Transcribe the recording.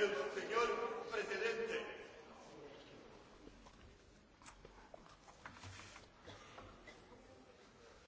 el Señor